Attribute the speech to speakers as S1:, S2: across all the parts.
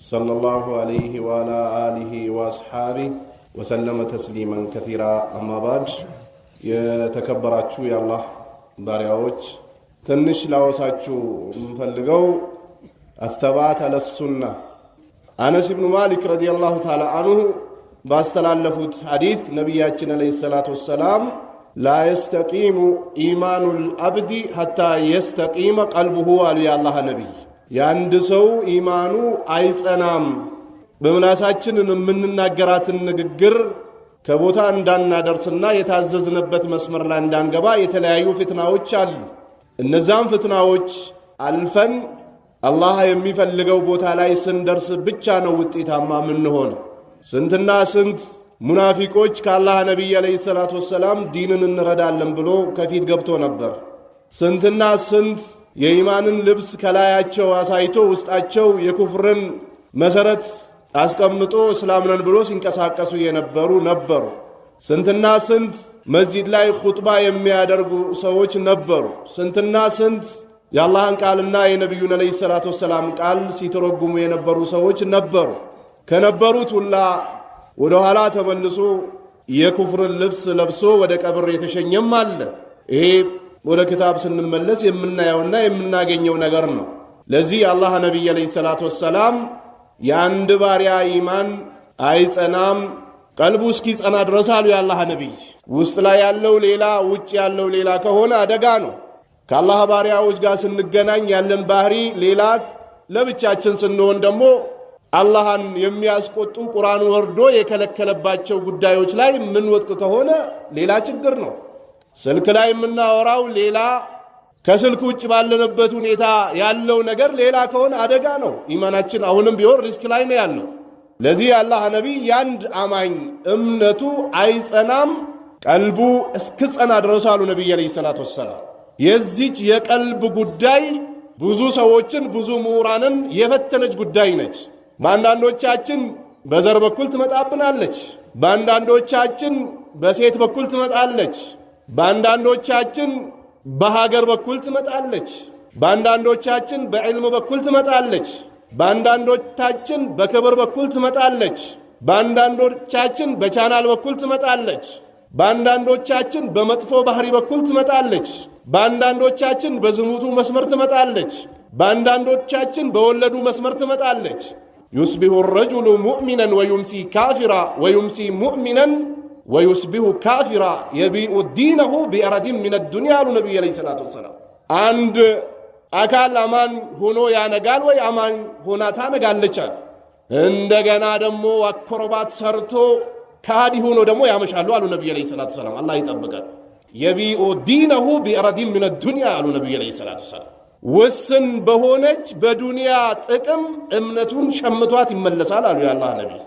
S1: صلى الله عليه وعلى آله وأصحابه وسلم تسليما كثيرا أما بعد የተከበራችሁ የአላህ ባሪያዎች ትንሽ ላወሳችሁ የምፈልገው አተባት አለሱና አነስ ብኑ ማሊክ ረዲየላሁ ተዓላ አንሁ ባስተላለፉት ሐዲት ነቢያችን ዓለይሂ ሰላቱ ወሰላም ላ የስተቂሙ ኢማኑ ልአብዲ ሐታ የስተቂመ ቀልብሁ አሉ የአላህ ነቢይ የአንድ ሰው ኢማኑ አይጸናም። በምላሳችን የምንናገራትን ንግግር ከቦታ እንዳናደርስና የታዘዝንበት መስመር ላይ እንዳንገባ የተለያዩ ፍትናዎች አሉ። እነዛም ፍትናዎች አልፈን አላህ የሚፈልገው ቦታ ላይ ስንደርስ ብቻ ነው ውጤታማ ምንሆነ። ስንትና ስንት ሙናፊቆች ከአላህ ነቢይ ዓለይሂ ሰላቱ ወሰላም ዲንን እንረዳለን ብሎ ከፊት ገብቶ ነበር። ስንትና ስንት የኢማንን ልብስ ከላያቸው አሳይቶ ውስጣቸው የኩፍርን መሰረት አስቀምጦ እስላምነን ብሎ ሲንቀሳቀሱ የነበሩ ነበሩ። ስንትና ስንት መስጂድ ላይ ኹጥባ የሚያደርጉ ሰዎች ነበሩ። ስንትና ስንት የአላህን ቃልና የነቢዩን ዓለይሂ ሰላቱ ወሰላም ቃል ሲተረጉሙ የነበሩ ሰዎች ነበሩ። ከነበሩት ሁላ ወደ ኋላ ተመልሶ የኩፍርን ልብስ ለብሶ ወደ ቀብር የተሸኘም አለ። ይሄ ወደ ክታብ ስንመለስ የምናየውና የምናገኘው ነገር ነው። ለዚህ የአላህ ነቢይ ዓለይሂ ሰላቱ ወሰላም የአንድ ባሪያ ኢማን አይጸናም ቀልቡ ጸና ድረስ አሉ የአላህ ነቢይ። ውስጥ ላይ ያለው ሌላ፣ ውጭ ያለው ሌላ ከሆነ አደጋ ነው። ከአላህ ባሪያዎች ጋር ስንገናኝ ያለን ባህሪ ሌላ፣ ለብቻችን ስንሆን ደግሞ አላህን የሚያስቆጡ ቁርአን ወርዶ የከለከለባቸው ጉዳዮች ላይ ምን ወጥቅ ከሆነ ሌላ ችግር ነው። ስልክ ላይ የምናወራው ሌላ፣ ከስልክ ውጭ ባለንበት ሁኔታ ያለው ነገር ሌላ ከሆነ አደጋ ነው። ኢማናችን አሁንም ቢሆን ሪስክ ላይ ነው ያለው። ለዚህ የአላህ ነቢይ ያንድ አማኝ እምነቱ አይጸናም ቀልቡ እስክጸና ድረስ አሉ ነቢይ ዓለይሂ ሰላቱ ወሰላም። የዚች የቀልብ ጉዳይ ብዙ ሰዎችን ብዙ ምሁራንን የፈተነች ጉዳይ ነች። በአንዳንዶቻችን በዘር በኩል ትመጣብናለች፣ በአንዳንዶቻችን በሴት በኩል ትመጣለች፣ በአንዳንዶቻችን በሀገር በኩል ትመጣለች፣ በአንዳንዶቻችን በዕልም በኩል ትመጣለች፣ በአንዳንዶቻችን በክብር በኩል ትመጣለች፣ በአንዳንዶቻችን በቻናል በኩል ትመጣለች፣ በአንዳንዶቻችን በመጥፎ ባህሪ በኩል ትመጣለች፣ በአንዳንዶቻችን በዝሙቱ መስመር ትመጣለች፣ በአንዳንዶቻችን በወለዱ መስመር ትመጣለች። ዩስቢሁ ረጁሉ ሙእሚነን ወዩምሲ ካፊራ ወዩምሲ ሙእሚነን ወዩስቢሁ ካፊራ የቢኡ ዲነሁ ቢአረዲን ምን ዱንያ አሉ ነቢዩ ዐለይሂ ሰላቱ ወሰላም። አንድ አካል አማን ሆኖ ያነጋል ወይ አማን ሆና ታነጋለች። እንደገና ደግሞ አኮረባት ሰርቶ ከሃዲ ሆኖ ደግሞ ያመሻሉ አሉ ነቢዩ ዐለይሂ ሰላቱ ወሰላም። አላህ ይጠብቃል። የቢኡ ዲነሁ ቢአረዲን ምን ዱኒያ አሉ ነቢዩ ዐለይሂ ሰላቱ ወሰላም። ውስን በሆነች በዱንያ ጥቅም እምነቱን ሸምቷት ይመለሳል አሉ የአላህ ነቢይ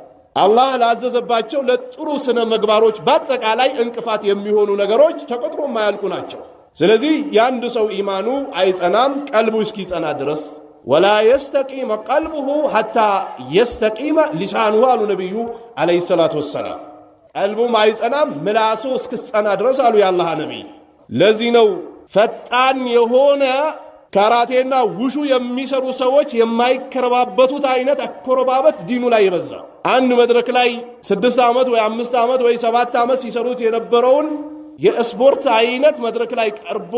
S1: አላህ ላዘዘባቸው ለጥሩ ስነ ምግባሮች በአጠቃላይ እንቅፋት የሚሆኑ ነገሮች ተቆጥሮ የማያልቁ ናቸው። ስለዚህ የአንድ ሰው ኢማኑ አይጸናም ቀልቡ እስኪጸና ድረስ ወላ የስተቂመ ቀልቡሁ ሐታ የስተቂመ ሊሳንሁ አሉ ነቢዩ ዓለይሂ ሰላቱ ወሰላም። ቀልቡም አይጸናም ምላሱ እስክጸና ድረስ አሉ የአላህ ነቢይ። ለዚህ ነው ፈጣን የሆነ ካራቴና ውሹ የሚሰሩ ሰዎች የማይከረባበቱት አይነት አኮረባበት ዲኑ ላይ የበዛ አንድ መድረክ ላይ ስድስት ዓመት ወይ አምስት ዓመት ወይ ሰባት ዓመት ሲሰሩት የነበረውን የስፖርት አይነት መድረክ ላይ ቀርቦ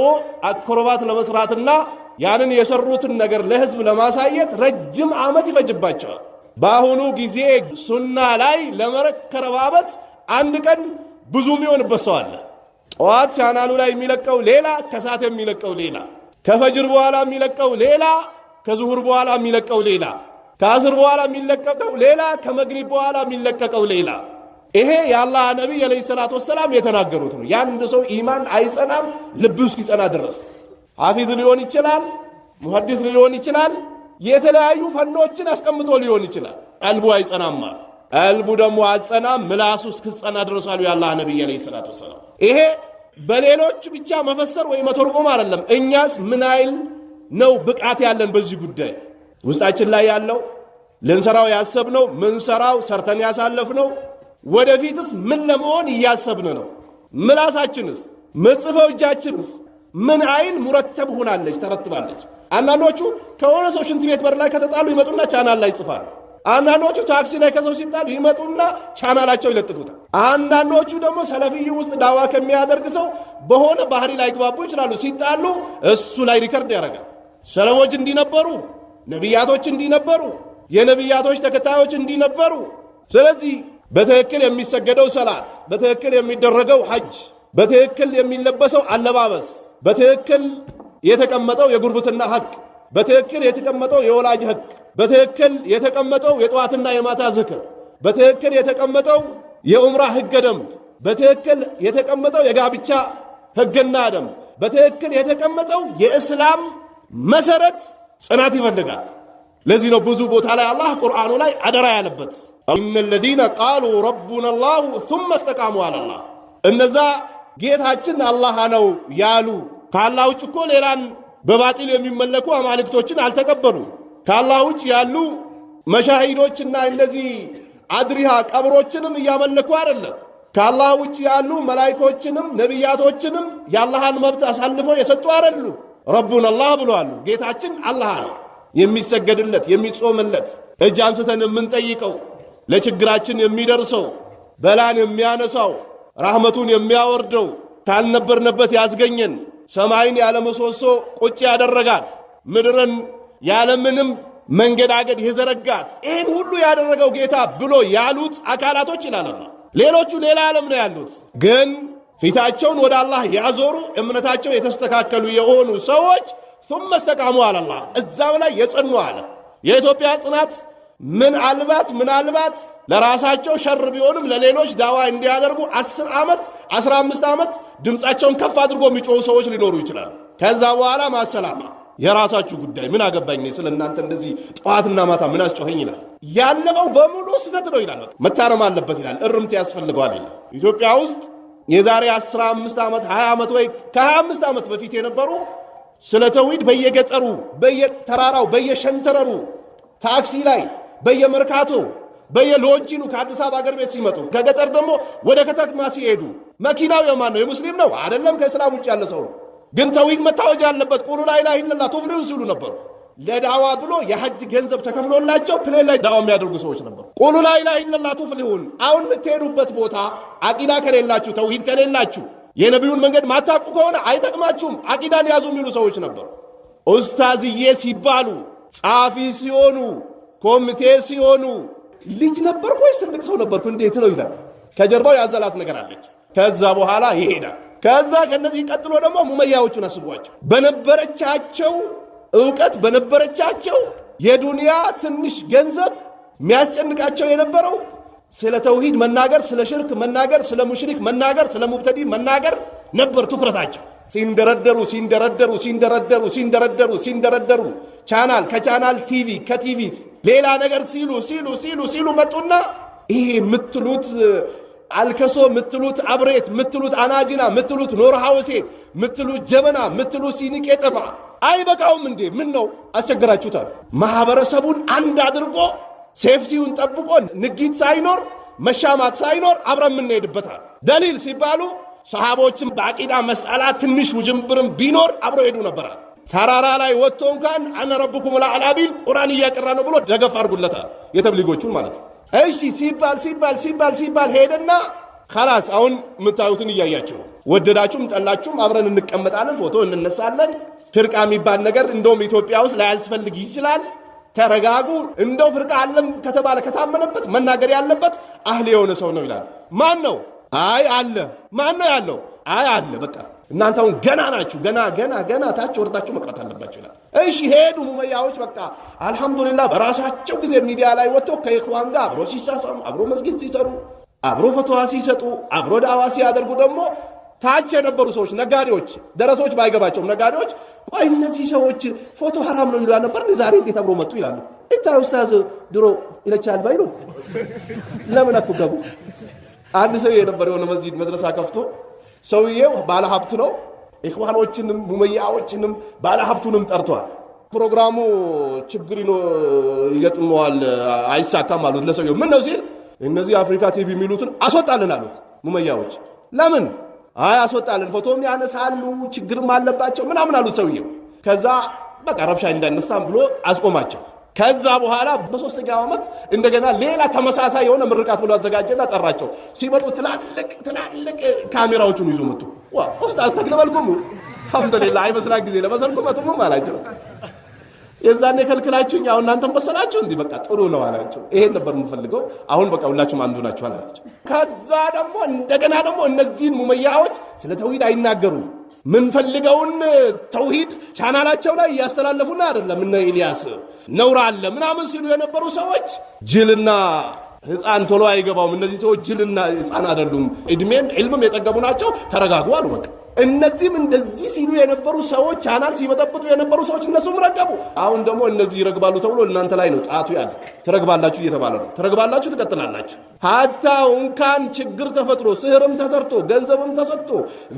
S1: አኮረባት ለመስራትና ያንን የሰሩትን ነገር ለህዝብ ለማሳየት ረጅም ዓመት ይፈጅባቸዋል። በአሁኑ ጊዜ ሱና ላይ ለመከረባበት አንድ ቀን ብዙ የሚሆንበት ሰው አለ። ጠዋት ቻናሉ ላይ የሚለቀው ሌላ፣ ከሰዓት የሚለቀው ሌላ ከፈጅር በኋላ የሚለቀው ሌላ፣ ከዙሁር በኋላ የሚለቀው ሌላ፣ ከአስር በኋላ የሚለቀቀው ሌላ፣ ከመግሪብ በኋላ የሚለቀቀው ሌላ። ይሄ የአላህ ነቢይ ዓለይሂ ሰላቱ ወሰላም የተናገሩት ነው። የአንድ ሰው ኢማን አይጸናም ልብ እስኪጸና ድረስ። ሐፊዝ ሊሆን ይችላል፣ ሙሐዲስ ሊሆን ይችላል፣ የተለያዩ ፈኖችን አስቀምጦ ሊሆን ይችላል። ቀልቡ አይጸናማ። ቀልቡ ደግሞ አጸናም ምላሱ እስክጸና ድረሳሉ። የአላህ ነቢይ ዓለይሂ ሰላቱ ወሰላም ይሄ በሌሎች ብቻ መፈሰር ወይ መተርጎም አይደለም። እኛስ ምን አይል ነው ብቃት ያለን በዚህ ጉዳይ? ውስጣችን ላይ ያለው ልንሰራው ያሰብነው ምንሰራው ሰርተን ያሳለፍነው ወደፊትስ ምን ለመሆን እያሰብን ነው? ምላሳችንስ መጽፈው እጃችንስ ምን አይል ሙረተብ ሆናለች ተረትባለች። አንዳንዶቹ ከሆነ ሰው ሽንት ቤት በር ላይ ከተጣሉ ይመጡና ቻናል ላይ ይጽፋሉ። አንዳንዶቹ ታክሲ ላይ ከሰው ሲጣሉ ይመጡና ቻናላቸው ይለጥፉታል። አንዳንዶቹ ደግሞ ሰለፊይ ውስጥ ዳዋ ከሚያደርግ ሰው በሆነ ባህሪ ላይ ግባቡ ይችላሉ። ሲጣሉ እሱ ላይ ሪከርድ ያደርጋል። ሰለፎች እንዲነበሩ፣ ነቢያቶች እንዲነበሩ፣ የነቢያቶች ተከታዮች እንዲነበሩ። ስለዚህ በትክክል የሚሰገደው ሰላት፣ በትክክል የሚደረገው ሐጅ፣ በትክክል የሚለበሰው አለባበስ፣ በትክክል የተቀመጠው የጉርብትና ሐቅ በትክክል የተቀመጠው የወላጅ ህግ፣ በትክክል የተቀመጠው የጠዋትና የማታ ዝክር፣ በትክክል የተቀመጠው የኡምራ ህገ ደንብ፣ በትክክል የተቀመጠው የጋብቻ ህግና ደንብ፣ በትክክል የተቀመጠው የእስላም መሰረት ጽናት ይፈልጋል። ለዚህ ነው ብዙ ቦታ ላይ አላህ ቁርአኑ ላይ አደራ ያለበት ኢነ ለዚነ ቃሉ ረቡና ላሁ ሱመ እስተቃሙ አለላህ እነዛ ጌታችን አላህ ነው ያሉ ካላህ ውጭ እኮ ሌላን በባጢል የሚመለኩ አማልክቶችን አልተቀበሉም። ከአላህ ውጭ ያሉ መሻሂዶችና እነዚህ አድሪሃ ቀብሮችንም እያመለኩ አይደለም። ከአላህ ውጭ ያሉ መላይኮችንም ነቢያቶችንም የአላህን መብት አሳልፈው የሰጡ አይደሉ። ረቡን አላህ ብሏሉ። ጌታችን አላህ ነው የሚሰገድለት የሚጾምለት፣ እጅ አንስተን የምንጠይቀው፣ ለችግራችን የሚደርሰው፣ በላን የሚያነሳው፣ ራህመቱን የሚያወርደው፣ ካልነበርንበት ያስገኘን። ሰማይን ያለ ምሰሶ ቁጭ ያደረጋት፣ ምድርን ያለምንም መንገዳገድ የዘረጋት፣ ይህን ሁሉ ያደረገው ጌታ ብሎ ያሉት አካላቶች ይላልና ሌሎቹ ሌላ ዓለም ነው ያሉት ግን ፊታቸውን ወደ አላህ ያዞሩ እምነታቸው የተስተካከሉ የሆኑ ሰዎች ثم استقاموا على الله እዛው ላይ የጸኑ አለ። የኢትዮጵያ ጽናት ምናልባት ምናልባት ለራሳቸው ሸር ቢሆንም ለሌሎች ዳዋ እንዲያደርጉ አስር ዓመት አስራ አምስት ዓመት ድምፃቸውን ከፍ አድርጎ የሚጮሁ ሰዎች ሊኖሩ ይችላሉ። ከዛ በኋላ ማሰላማ የራሳችሁ ጉዳይ ምን አገባኝ ስለ እናንተ እንደዚህ ጠዋትና ማታ ምን አስጮኸኝ ይላል። ያለፈው በሙሉ ስህተት ነው ይላል። መታረም አለበት ይላል። እርምት ያስፈልገዋል ይላል። ኢትዮጵያ ውስጥ የዛሬ አምስት ዓመት ሀያ ዓመት ወይ ከ25 ዓመት በፊት የነበሩ ስለ ተውሂድ በየገጠሩ በየተራራው በየሸንተረሩ ታክሲ ላይ በየመርካቶ በየሎንጂኑ ከአዲስ አበባ አገር ቤት ሲመጡ ከገጠር ደግሞ ወደ ከተማ ሲሄዱ መኪናው የማን ነው? የሙስሊም ነው አይደለም? ከእስላም ውጭ ያለ ሰው ነው። ግን ተውሂድ መታወጃ ያለበት ቁሉ ላይ ላይ ቱፍሊሁን ሲሉ ነበሩ። ለዳዋ ብሎ የሐጅ ገንዘብ ተከፍሎላቸው ፕሌን ላይ ዳዋ የሚያደርጉ ሰዎች ነበሩ። ቁሉ ላይ ላይ ቱፍሊሁን። አሁን የምትሄዱበት ቦታ አቂዳ ከሌላችሁ፣ ተውሂድ ከሌላችሁ፣ የነቢዩን መንገድ ማታቁ ከሆነ አይጠቅማችሁም፣ አቂዳን ያዙ የሚሉ ሰዎች ነበሩ። ኡስታዝዬ ሲባሉ ጻፊ ሲሆኑ ኮሚቴ ሲሆኑ ልጅ ነበርኩ ወይስ ትልቅ ሰው ነበርኩ እንዴት ነው ይላል። ከጀርባው ያዘላት ነገር አለች። ከዛ በኋላ ይሄዳል። ከዛ ከነዚህ ቀጥሎ ደግሞ ሙመያዎቹን አስቧቸው። በነበረቻቸው እውቀት በነበረቻቸው የዱንያ ትንሽ ገንዘብ የሚያስጨንቃቸው የነበረው ስለ ተውሂድ መናገር፣ ስለ ሽርክ መናገር፣ ስለ ሙሽሪክ መናገር፣ ስለ ሙብተዲ መናገር ነበር ትኩረታቸው። ሲንደረደሩ ሲንደረደሩ ሲንደረደሩ ሲንደረደሩ ሲንደረደሩ ቻናል ከቻናል ቲቪ ከቲቪ ሌላ ነገር ሲሉ ሲሉ ሲሉ ሲሉ መጡና ይሄ የምትሉት አልከሶ ምትሉት አብሬት ምትሉት አናጅና ምትሉት ኖር ሐውሴ ምትሉት ጀበና ምትሉት ሲኒቄ ጠማ አይበቃውም እንዴ? ምን ነው አስቸግራችሁታል? ማህበረሰቡን አንድ አድርጎ ሴፍቲውን ጠብቆ ንጊት ሳይኖር መሻማት ሳይኖር አብረን የምንሄድበታል። ደሊል ሲባሉ ሰሃቦችን በአቂዳ መስአላ ትንሽ ውጅንብርም ቢኖር አብረው ሄዱ ነበረ። ተራራ ላይ ወጥቶ እንኳን አነ ረብኩም ላአላ ቢል ቁርአን እያቀራ ነው ብሎ ደገፍ አድርጉለታል። የተብሊጎቹን ማለት ነው። እሺ ሲባል ሲባል ሲባል ሲባል ሄደና ከላስ አሁን የምታዩትን እያያችሁ ወደዳችሁም ጠላችሁም አብረን እንቀመጣለን፣ ፎቶ እንነሳለን። ፍርቃ የሚባል ነገር እንደውም ኢትዮጵያ ውስጥ ላያስፈልግ ይችላል። ተረጋጉ። እንደው ፍርቃ አለም ከተባለ ከታመነበት መናገር ያለበት አህል የሆነ ሰው ነው ይላል። ማን ነው አይ አለ። ማን ነው ያለው? አይ አለ። በቃ እናንተ አሁን ገና ናችሁ። ገና ገና ገና ታች ወርዳችሁ መቅረት አለባችሁ ይላል። እሺ ሄዱ ሙመያዎች። በቃ አልሐምዱሊላህ በራሳቸው ጊዜ ሚዲያ ላይ ወጥተው ከኢኽዋን ጋር አብሮ ሲሳሳሙ፣ አብሮ መስጊድ ሲሰሩ፣ አብሮ ፈትዋ ሲሰጡ፣ አብሮ ዳዋ ሲያደርጉ ደግሞ ታች የነበሩ ሰዎች ነጋዴዎች፣ ደረሶች ባይገባቸውም ነጋዴዎች ቆይ እነዚህ ሰዎች ፎቶ ሀራም ነው ይሏል ነበር፣ ዛሬ እንዴት አብሮ መጡ ይላሉ። እታ ኡስታዝ ድሮ ይለቻል ባይሉ ለምን አኩ ገቡ አንድ ሰው የነበረ የሆነ መስጂድ መድረሳ ከፍቶ ሰውዬው ባለ ሀብት ነው። ኢኽዋኖችንም ሙመያዎችንም ባለ ሀብቱንም ጠርቷል። ፕሮግራሙ ችግር ይገጥመዋል፣ አይሳካም አሉት። ለሰውየው ምን ነው ሲል እነዚህ አፍሪካ ቲቪ የሚሉትን አስወጣልን አሉት ሙመያዎች። ለምን አይ አስወጣልን፣ ፎቶም ያነሳሉ፣ ችግርም አለባቸው ምናምን አሉት ሰውየው። ከዛ በቃ ረብሻ እንዳይነሳም ብሎ አስቆማቸው። ከዛ በኋላ በሶስተኛው ዓመት እንደገና ሌላ ተመሳሳይ የሆነ ምርቃት ብሎ አዘጋጀና ጠራቸው። ሲመጡ ትላልቅ ትላልቅ ካሜራዎቹን ይዞ መጡ። ኡስታዝ ተክለበልኩም አልሐምዱሊላህ አይመስላ ጊዜ ለመሰልኩመቱም አላቸው። የዛን የከልክላችሁኝ አሁን እናንተም በሰላችሁ እንዲህ በቃ ጥሩ ነው አላቸው። ይሄን ነበር የምፈልገው። አሁን በቃ ሁላችሁም አንዱ ናችሁ አላቸው። ከዛ ደግሞ እንደገና ደግሞ እነዚህን ሙመያዎች ስለ ተውሂድ አይናገሩም። ምንፈልገውን ተውሂድ ቻናላቸው ላይ እያስተላለፉና አይደለም። እነ ኢልያስ ነውር አለ ምናምን ሲሉ የነበሩ ሰዎች ጅልና ህፃን ቶሎ አይገባውም። እነዚህ ሰዎች ጅልና ህፃን አይደሉም፣ እድሜም ዕልምም የጠገቡ ናቸው። ተረጋጉ አሉ። በቃ እነዚህም እንደዚህ ሲሉ የነበሩ ሰዎች ቻናል ሲበጠብጡ የነበሩ ሰዎች እነሱም ረገቡ። አሁን ደግሞ እነዚህ ይረግባሉ ተብሎ እናንተ ላይ ነው ጣቱ ያለ። ትረግባላችሁ እየተባለ ነው። ትረግባላችሁ፣ ትቀጥላላችሁ። ሀታ እንኳን ችግር ተፈጥሮ ስህርም ተሰርቶ ገንዘብም ተሰጥቶ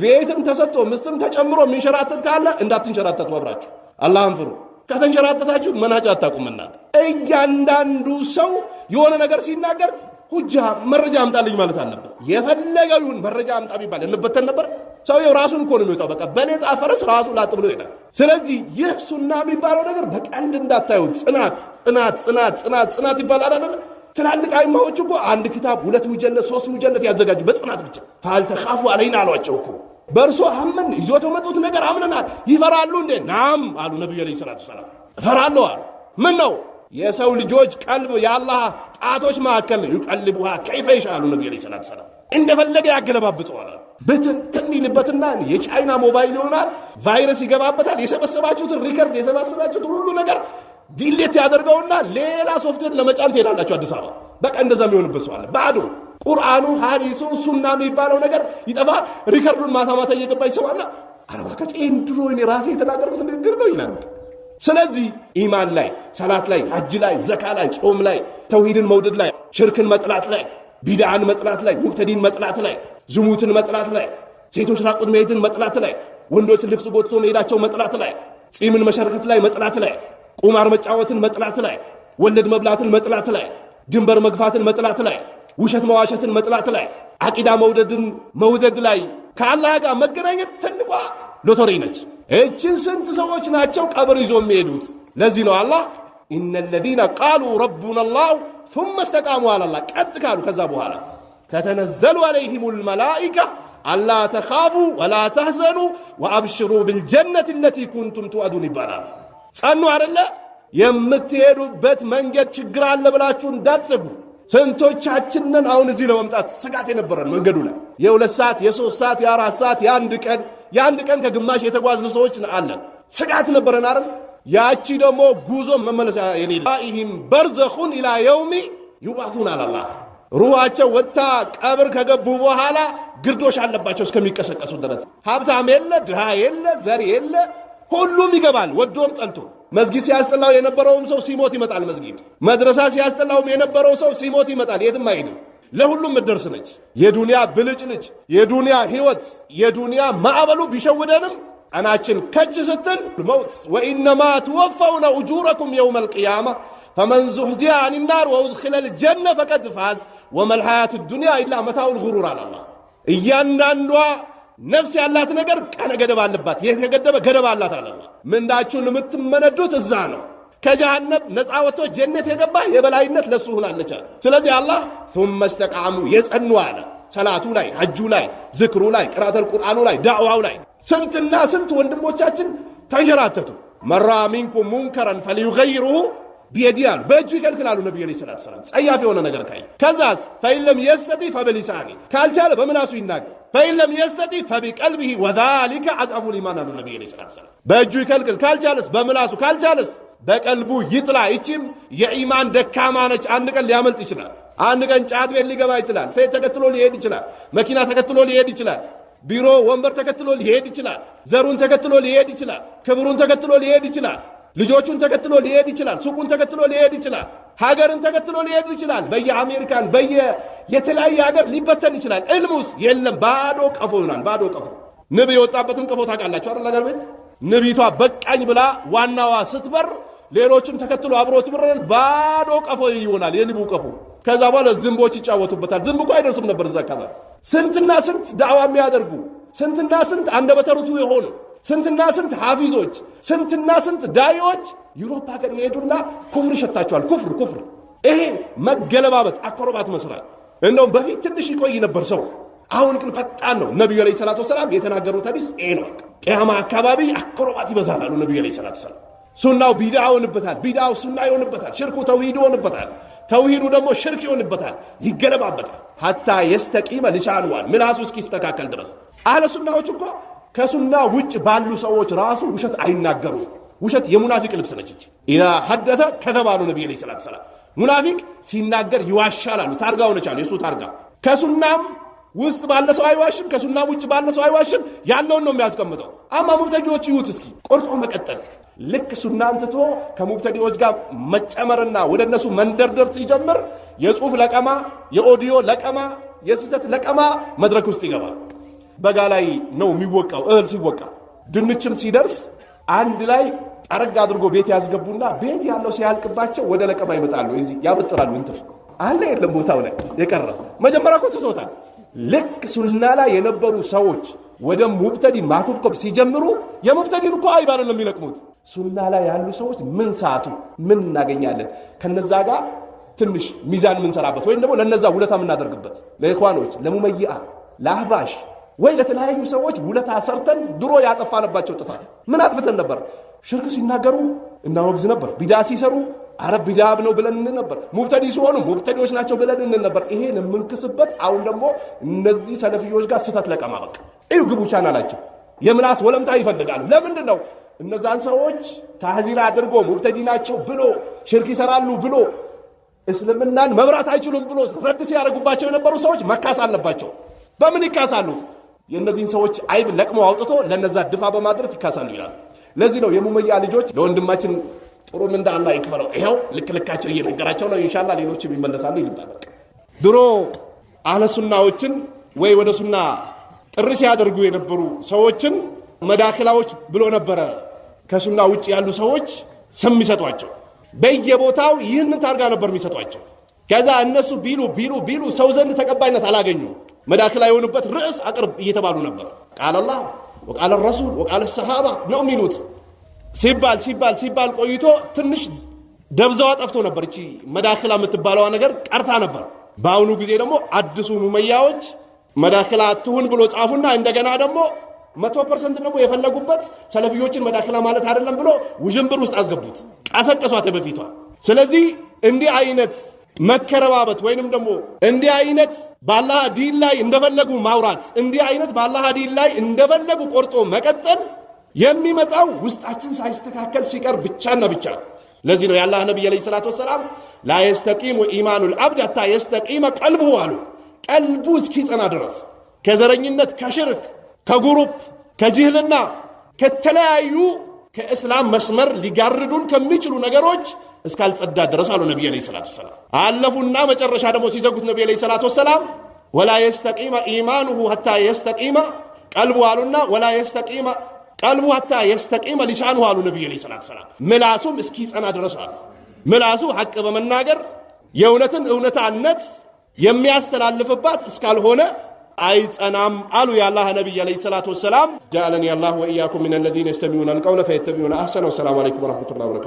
S1: ቤትም ተሰጥቶ ምስትም ተጨምሮ የሚንሸራተት ካለ እንዳትንሸራተቱ አብራችሁ አላህን ፍሩ። ከተንሸራተታችሁ መናጫ አታቁምና እያንዳንዱ ሰው የሆነ ነገር ሲናገር ሁጃ መረጃ አምጣልኝ ማለት አለበት። የፈለገው ይሁን መረጃ አምጣ ቢባል እንበተን ነበር። ሰውየው ራሱን እኮ ነው የሚወጣው። በቃ በሌጣ ፈረስ ራሱ ላጥ ብሎ ይወጣል። ስለዚህ ይህ ሱና የሚባለው ነገር በቀልድ እንዳታዩ። ጽናት ጽናት ጽናት ጽናት ጽናት ይባላል አይደለ? ትላልቅ አይማዎች እኮ አንድ ኪታብ ሁለት ሙጀለት ሶስት ሙጀለት ያዘጋጁ በጽናት ብቻ ፋልተካፉ አለይና አሏቸው እኮ በእርሱ አመን ይዞት በመጡት ነገር አምነናል። ይፈራሉ እንዴ? ናም አሉ ነቢዩ ዐለይሂ ሰላቱ ሰላም። እፈራለሁ አሉ። ምን ነው የሰው ልጆች ቀልብ የአላህ ጣቶች መካከል ነው። ዩቀልቡሃ ከይፈ ይሻ አሉ ነቢዩ ዐለይሂ ሰላቱ ሰላም። እንደፈለገ ያገለባብጠዋል አሉ። ብትንትን ይልበትና የቻይና ሞባይል ይሆናል፣ ቫይረስ ይገባበታል። የሰበሰባችሁትን ሪከርድ የሰበሰባችሁትን ሁሉ ነገር ዲሌት ያደርገውና ሌላ ሶፍትዌር ለመጫን ትሄዳላችሁ አዲስ አበባ። በቃ እንደዛ የሚሆንበት ሰው አለ ባዶ ቁርአኑ፣ ሀዲሱ፣ ሱና የሚባለው ነገር ይጠፋል። ሪከርዱን ማታ ማታ እየገባ ይሰማና አረባካች ይህን ድሮ እኔ ራሴ የተናገርኩት ንግግር ነው ይላል። ስለዚህ ኢማን ላይ፣ ሰላት ላይ፣ ሐጅ ላይ፣ ዘካ ላይ፣ ጾም ላይ፣ ተውሂድን መውደድ ላይ፣ ሽርክን መጥላት ላይ፣ ቢድአን መጥላት ላይ፣ ሙብተዲን መጥላት ላይ፣ ዝሙትን መጥላት ላይ፣ ሴቶች ራቁት መሄድን መጥላት ላይ፣ ወንዶች ልብስ ጎትቶ መሄዳቸው መጥላት ላይ፣ ጺምን መሸርከት ላይ መጥላት ላይ፣ ቁማር መጫወትን መጥላት ላይ፣ ወለድ መብላትን መጥላት ላይ፣ ድንበር መግፋትን መጥላት ላይ ውሸት መዋሸትን መጥላት ላይ አቂዳ መውደድን መውደድ ላይ ከአላህ ጋር መገናኘት ትልቋ ሎተሪ ነች። እችን ስንት ሰዎች ናቸው ቀብር ይዞ የሚሄዱት? ለዚህ ነው አላህ ኢነ ቃሉ ረቡና ላሁ ثم استقاموا ቀጥ ካሉ ከዛ በኋላ ተተነዘሉ አለይሂም ልመላኢካ አላ ተኻፉ ወላ ተህዘኑ ወአብሽሩ ብልጀነት ለቲ ኩንቱም ትወዱን ይባላል። ጸኑ አደለ የምትሄዱበት መንገድ ችግር አለ ብላችሁ እንዳትዘጉ ስንቶቻችንን አሁን እዚህ ለመምጣት ስጋት የነበረን መንገዱ ላይ የሁለት ሰዓት የሶስት ሰዓት የአራት ሰዓት የአንድ ቀን የአንድ ቀን ከግማሽ የተጓዝን ሰዎች አለን። ስጋት ነበረን አይደል? ያቺ ደግሞ ጉዞ መመለስ የሌለ ይህም በርዘኹን ኢላ የውሚ ይባቱን አላላ ሩዋቸው ወጥታ ቀብር ከገቡ በኋላ ግርዶሽ አለባቸው እስከሚቀሰቀሱ ድረስ። ሀብታም የለ ድሃ የለ ዘር የለ ሁሉም ይገባል፣ ወዶም ጠልቶ መዝጊድ ሲያስጠላው የነበረውም ሰው ሲሞት ይመጣል። መዝጊድ መድረሳ ሲያስጠላውም የነበረው ሰው ሲሞት ይመጣል። የትም አይሄድም። ለሁሉም ምደርስ ነች። የዱንያ ብልጭልጭ፣ የዱንያ ህይወት፣ የዱንያ ማዕበሉ ቢሸውደንም ቀናችን ከች ስትል መውት ወኢነማ ትወፋውነ ኡጁረኩም የውመ ልቅያማ ፈመን ዙሕዚያ አን ናር ወኡድኪለ ልጀነ ፈቀድ ፋዝ ወመልሐያቱ ዱንያ ኢላ መታኡል ጉሩር አላላ እያንዳንዷ ነፍስ ያላት ነገር ቀነ ገደብ አለባት። የተገደበ ገደብ አላት አለና ምንዳችሁን የምትመነዱት እዛ ነው። ከጀሃነም ነፃ ወጥቶ ጀነት የገባ የበላይነት ለሱ ሁናለች አለ። ስለዚህ አላህ ثم استقاموا የጸኑ አለ። ሰላቱ ላይ፣ ሐጁ ላይ፣ ዝክሩ ላይ፣ ቅራተል ቁርአኑ ላይ፣ ዳዕዋው ላይ ስንትና ስንት ወንድሞቻችን ተንሸራተቱ። መራ ሚንኩም ሙንከረን ፈሊዩገይሩሁ ቢየዲ አሉ በእጁ ይከልክላሉ። ነቢዩ ለ ስላት ሰላም ጸያፍ የሆነ ነገር ካይ ከዛስ ፈኢለም የስተጢ ፈበሊሳኒ ካልቻለ በምላሱ ይናገር ፈኢን ለም የስተጢ ፈቢቀልቢሂ ወዛሊከ አድዐፉ ልኢማን አሉ ነቢይ ዐለይሂ ሰላቱ ወሰላም። በእጁ ይከልክል ካልቻለስ፣ በምላሱ ካልቻለስ በቀልቡ ይጥላ። ይቺም የኢማን ደካማ ነች። አንድ ቀን ሊያመልጥ ይችላል። አንድ ቀን ጫት ቤት ሊገባ ይችላል። ሴት ተከትሎ ሊሄድ ይችላል። መኪና ተከትሎ ሊሄድ ይችላል። ቢሮ ወንበር ተከትሎ ሊሄድ ይችላል። ዘሩን ተከትሎ ሊሄድ ይችላል። ክብሩን ተከትሎ ሊሄድ ይችላል። ልጆቹን ተከትሎ ሊሄድ ይችላል። ሱቁን ተከትሎ ሊሄድ ይችላል። ሀገርን ተከትሎ ሊሄድ ይችላል። በየአሜሪካን በየየተለያየ ሀገር ሊበተን ይችላል። እልሙስ የለም ባዶ ቀፎ ይሆናል። ባዶ ቀፎ ንብ የወጣበትን ቀፎ ታውቃላችሁ አይደል? ሀገር ቤት ንቢቷ በቃኝ ብላ ዋናዋ ስትበር ሌሎችም ተከትሎ አብሮት ብረን ባዶ ቀፎ ይሆናል የንቡ ቀፎ። ከዛ በኋላ ዝንቦች ይጫወቱበታል። ዝንብ እኮ አይደርሱም ነበር እዛ አካባቢ። ስንትና ስንት ዳዕዋ የሚያደርጉ ስንትና ስንት አንደበተ ርቱዕ የሆኑ ስንትና ስንት ሐፊዞች ስንትና ስንት ዳዮች ዩሮፕ ሀገር የሄዱና ኩፍር ይሸታቸዋል። ኩፍር ኩፍር፣ ይሄ መገለባበት፣ አኮረባት መስራት። እንደውም በፊት ትንሽ ይቆይ ነበር ሰው፣ አሁን ግን ፈጣን ነው። ነቢዩ ዐለይሂ ሰላቱ ወሰላም የተናገሩት ሐዲስ ይሄ ነው። ቅያማ አካባቢ አኮረባት ይበዛል አሉ ነቢዩ ዐለይሂ ሰላቱ ወሰላም። ሱናው ቢድዓ ይሆንበታል፣ ቢድዓው ሱና ይሆንበታል፣ ሽርኩ ተውሂድ ይሆንበታል፣ ተውሂዱ ደግሞ ሽርክ ይሆንበታል። ይገለባበታል። ሀታ የስተቂመ ልሳንዋል ምላሱ እስኪስተካከል ድረስ አለ ሱናዎች እኮ ከሱና ውጭ ባሉ ሰዎች ራሱ ውሸት አይናገሩም። ውሸት የሙናፊቅ ልብስ ነች እች ኢዛ ሀደተ ከተባሉ ነቢ ለ ሰላት ሰላም ሙናፊቅ ሲናገር ይዋሻል አሉ ታርጋ ሆነች አሉ የእሱ ታርጋ ከሱናም ውስጥ ባለ ሰው አይዋሽም፣ ከሱና ውጭ ባለ ሰው አይዋሽም። ያለውን ነው የሚያስቀምጠው። አማ ሙብተጊዎች ይዩት እስኪ ቆርጦ መቀጠል ልክ ሱናን ትቶ ከሙብተዲዎች ጋር መጨመርና ወደ እነሱ መንደርደር ሲጀምር የጽሁፍ ለቀማ፣ የኦዲዮ ለቀማ፣ የስህተት ለቀማ መድረክ ውስጥ ይገባል። በጋ ላይ ነው የሚወቃው እህል ሲወቃ ድንችም ሲደርስ አንድ ላይ ጠረግ አድርጎ ቤት ያስገቡና ቤት ያለው ሲያልቅባቸው ወደ ለቀማ ይመጣሉ። ያበጥራሉ። እንትፍ አለ የለም ቦታው ላይ የቀረ መጀመሪያ እኮ ትቶታል። ልክ ሱና ላይ የነበሩ ሰዎች ወደ ሙብተዲ ማኮብኮብ ሲጀምሩ የሙብተዲን እኮ አይብ አይደለም የሚለቅሙት። ሱና ላይ ያሉ ሰዎች ምን ሰዓቱ ምን እናገኛለን? ከነዛ ጋር ትንሽ ሚዛን የምንሰራበት ወይም ደግሞ ለነዛ ውለታ የምናደርግበት ለኢኳኖች፣ ለሙመይአ፣ ለአህባሽ ወይ ለተለያዩ ሰዎች ውለታ ሰርተን ድሮ ያጠፋንባቸው ጥፋት ምን አጥፍተን ነበር? ሽርክ ሲናገሩ እናወግዝ ነበር። ቢዳ ሲሰሩ አረብ ቢዳብ ነው ብለን እንል ነበር። ሙብተዲ ሲሆኑ ሙብተዲዎች ናቸው ብለን እንል ነበር። ይሄን የምንክስበት አሁን ደግሞ እነዚህ ሰለፊዎች ጋር ስተት ለቀማ በቃ እዩ ግቡ ቻናላቸው የምላስ ወለምታ ይፈልጋሉ። ለምንድን ነው እነዛን ሰዎች ታህዚር አድርጎ ሙብተዲ ናቸው ብሎ ሽርክ ይሰራሉ ብሎ እስልምናን መብራት አይችሉም ብሎ ረድ ሲያደርጉባቸው የነበሩ ሰዎች መካስ አለባቸው። በምን ይካሳሉ? የእነዚህን ሰዎች አይብ ለቅመው አውጥቶ ለነዛ ድፋ በማድረት ይካሳሉ ይላል። ለዚህ ነው የሙመያ ልጆች ለወንድማችን ጥሩ ምንዳ ይክፈለው፣ ይኸው ልክ ልካቸው እየነገራቸው ነው። ኢንሻላ ሌሎችም ይመለሳሉ ይልታል። ድሮ አህለ ሱናዎችን ወይ ወደ ሱና ጥሪ ሲያደርጉ የነበሩ ሰዎችን መዳኪላዎች ብሎ ነበረ። ከሱና ውጭ ያሉ ሰዎች ስም ይሰጧቸው፣ በየቦታው ይህንን ታርጋ ነበር የሚሰጧቸው። ከዛ እነሱ ቢሉ ቢሉ ቢሉ ሰው ዘንድ ተቀባይነት አላገኙ መዳክላ የሆኑበት ርዕስ አቅርብ እየተባሉ ነበር። ቃል አላህ ወቃል ረሱል ወቃል ሰሃባ ነው የሚሉት ሲባል ሲባል ሲባል ቆይቶ ትንሽ ደብዛዋ ጠፍቶ ነበር። እቺ መዳክላ የምትባለዋ ነገር ቀርታ ነበር። በአሁኑ ጊዜ ደግሞ አዲሱ ሙመያዎች መዳክላ አትሁን ብሎ ጻፉና እንደገና ደግሞ መቶ ፐርሰንት ደግሞ የፈለጉበት ሰለፊዮችን መዳክላ ማለት አይደለም ብሎ ውዥንብር ውስጥ አስገቡት፣ ቀሰቀሷት በፊቷ ስለዚህ እንዲህ አይነት መከረባበት ወይንም ደግሞ እንዲህ አይነት በአላህ ዲን ላይ እንደፈለጉ ማውራት እንዲህ አይነት በአላህ ዲን ላይ እንደፈለጉ ቆርጦ መቀጠል የሚመጣው ውስጣችን ሳይስተካከል ሲቀር ብቻና ብቻ ነው። ለዚህ ነው የአላህ ነቢይ ዓለይሂ ሰላቱ ወሰላም ላ የስተቂሙ ኢማኑል አብድ አታ የስተቂመ ቀልቡ አሉ። ቀልቡ እስኪጸና ድረስ ከዘረኝነት፣ ከሽርክ፣ ከጉሩፕ፣ ከጅህልና ከተለያዩ ከእስላም መስመር ሊጋርዱን ከሚችሉ ነገሮች እስካልጸዳ ድረስ አሉ ነቢ ዐለይሂ ሰላቱ ወሰላም። አለፉና መጨረሻ ደግሞ ሲዘጉት ነቢ ዐለይሂ ሰላቱ ወሰላም ወላ የስተቂመ ኢማኑሁ ሐታ የስተቂመ ቀልቡ አሉና ወላ የስተቂመ ቀልቡ ሐታ የስተቂመ ሊሳኑ አሉ ነቢ ዐለይሂ ሰላቱ ወሰላም። ምላሱም እስኪጸና ድረስ አሉ። ምላሱ ሐቅ በመናገር የእውነትን እውነታነት የሚያስተላልፍባት እስካልሆነ አይጸናም አሉ የአላህ ነቢይ አለይሂ ሰላቱ ወሰላም። ጃአለኒ አላህ ወኢያኩም ሚነ ለዚነ የስተሚዑነ አልቀውለ ፈየተቢዑነ አሕሰነ። ወሰላሙ አለይኩም ወረሕመቱላሂ ወበረካቱ።